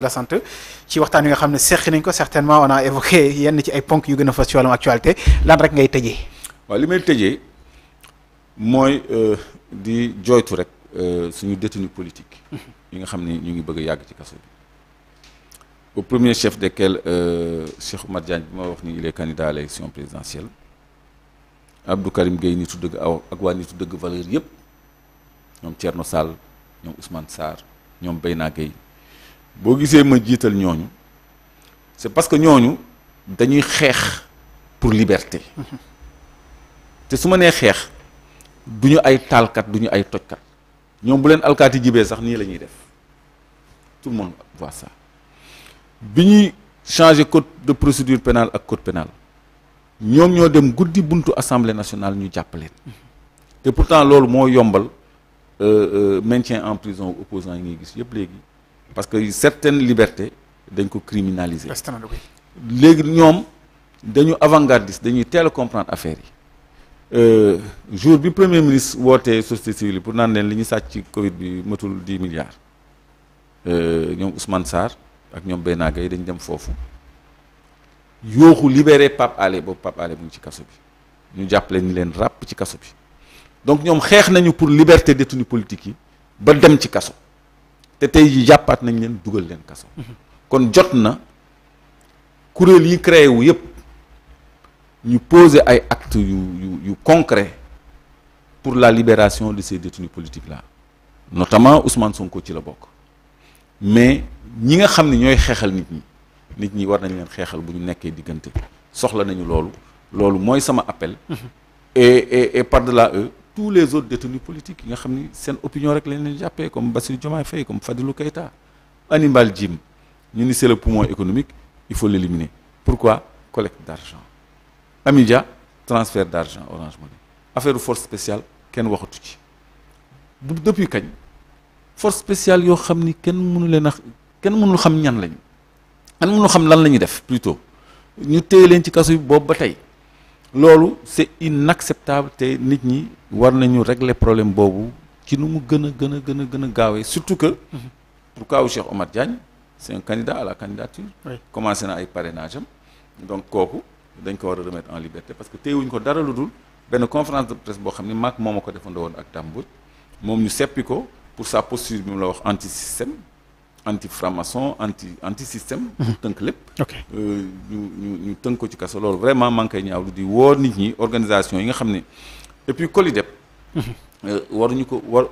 la sant ci waxtaan wi nga xam ne seq nañ ko certainement on a évoqué yenn ci ay ponk yu gën a fas ci wàllum actualité lan rek ngay tëjee. waa li may tëjee mooy euh, di jooytu rek euh, suñu détenu politique. yi nga xam ni ñu ngi bëgg yàgg ci kaso bi. au premier chef desquels euh, Cheikh Oumar Diagne bi ma wax ni il est candidat à l'élection présidentielle Abdou Karim Gueye nitu dëgg aw ak waa nitu dëgg valeur yëpp ñoom Thierno Sall ñoom Ousmane Sarr ñoom Beyna Gueye. boo gisee ma jiital ñooñu c'est parce que ñooñu dañuy xeex pour liberté te su ma nee xeex du ñu ay taalkat du ñu ay tojkat ñoom bu leen alkaati jibee sax nii la ñuy def tout le monde voit bi ñuy changer code de procédure pénal ak côte pénal ñoom ñoo dem guddi buntu assemblée nationale ñu jàpp leen te pourtant loolu moo yombal euh, euh, maintien en prison opposants yi ngay gis yëpp léegi parce que certaines libertés dañ ko criminaliser léegi ñoom dañu avant-gardiste dañuy teel a comprendre affaire yi euh, jour bi premier ministre wootee société civile pour naan leen li ñu sàcc ci Covid bi matul dix milliards euh, ñoom Ousmane Sarr ak ñoom Benaga yi dañ dem foofu yooxu libéré Pape Alé boobu Pape Alé mu ngi ci kaso bi ñu jàppale ni leen ràpp ci kaso bi donc ñoom xeex nañu pour liberté détenus politiques yi ba dem ci kaso te tey jii jàppaat nañ leen dugal leen kaso kon jot na kuréel yi créé wu yëpp ñu poser ay actes yu yu yu concret pour la libération de ces détenus politiques là notamment Ousmane Sonko ci la bokk mais ñi nga xam ne ñooy xeexal nit ñi nit ñi war nañ leen xeexal bu ñu nekkee diggante soxla nañu loolu loolu mooy sama appel mhm. et et et par-delà eux tous les autres détenus politiques yi nga xam ni seen opinion rek lañ leen jàppee comme Bassirou Diomaye Faye comme Fadilou Keïta Hannibal Djim ñu ni c'est le poumon économique il faut l'éliminer pourquoi collecte d'argent Amidia transfert d'argent Orange Money affaire force spéciale kenn waxatu ci depuis kañ force spéciale yoo xam ni kenn mënu leen a kenn mënul xam ñan lañu kenn mënul xam lan la ñuy def plutôt ñu téye leen ci kaso yi ba tey loolu c'est inacceptable tey nit ñi war nañu régler problème boobu ci nu mu gën a gën a gën a gën a gaawee surtout que mhm. pour cas où Cheikh Omar Diagne c'est un candidat à la candidature commencé na ay parrainage donc kooku dañ ko war a remettre en liberté parce que tey wuñ ko dara lu dul benn conférence de presse boo xam ne maag moom a ko defandoo woon ak Dame Mbodj moom ñu seppi ko pour sa posture bi mu la wax anti système anti franc-maçon anti anti système. Mhm. tënk lépp. Euh, ñu ñu tënk ko ci kaso loolu vraiment maa ngi koy ñaawlu di woo nit ñi organisation yi nga xam ne et puis COLIDEP. Mhm. Euh, waruñu ko war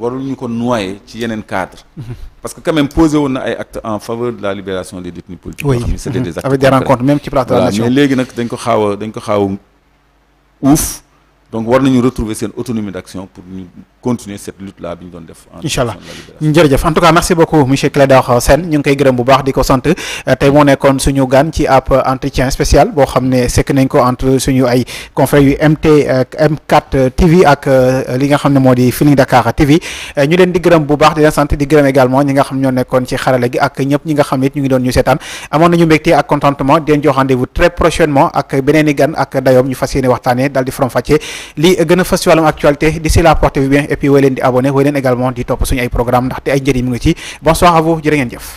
waruñu ko noyé ci yeneen cadre mhm. parce que quand même posé woon na ay actes en faveur de la libération des détenus politiques. yoo xam ne c'était des actes avec même ci plateau de la nation. mais léegi nag dañ ko xaaw a dañ ko xaaw a uuf. donc war nañu retrouver seen autonomie d'action pour ñu continuer cette lutte là bi ñu doon def. incha allah jërëjëf en tout cas merci beaucoup monsieur Clédor Sène ñu ngi koy gërëm bu baax di ko sant euh, tey moo nekkoon suñu gan ci ab entretien spécial boo xam ne sekk nañ ko entre suñu ay confrères yu MT m TV euh, ak euh, li nga xam ne moo di Feeling Dakar TV ñu leen di gërëm bu baax di leen sant di gërëm également ñi nga xam ñoo nekkoon ci xarala gi ak ñëpp ñi nga xam ne it i gan ak dayoom ñu li gën a fës ci wàllum actualité d'ici là portez-vous bien et woy leen di abonné woy leen également di topp suñu ay programme ndaxte ay njëriñ mu ngi ci bonsoir à vous jëf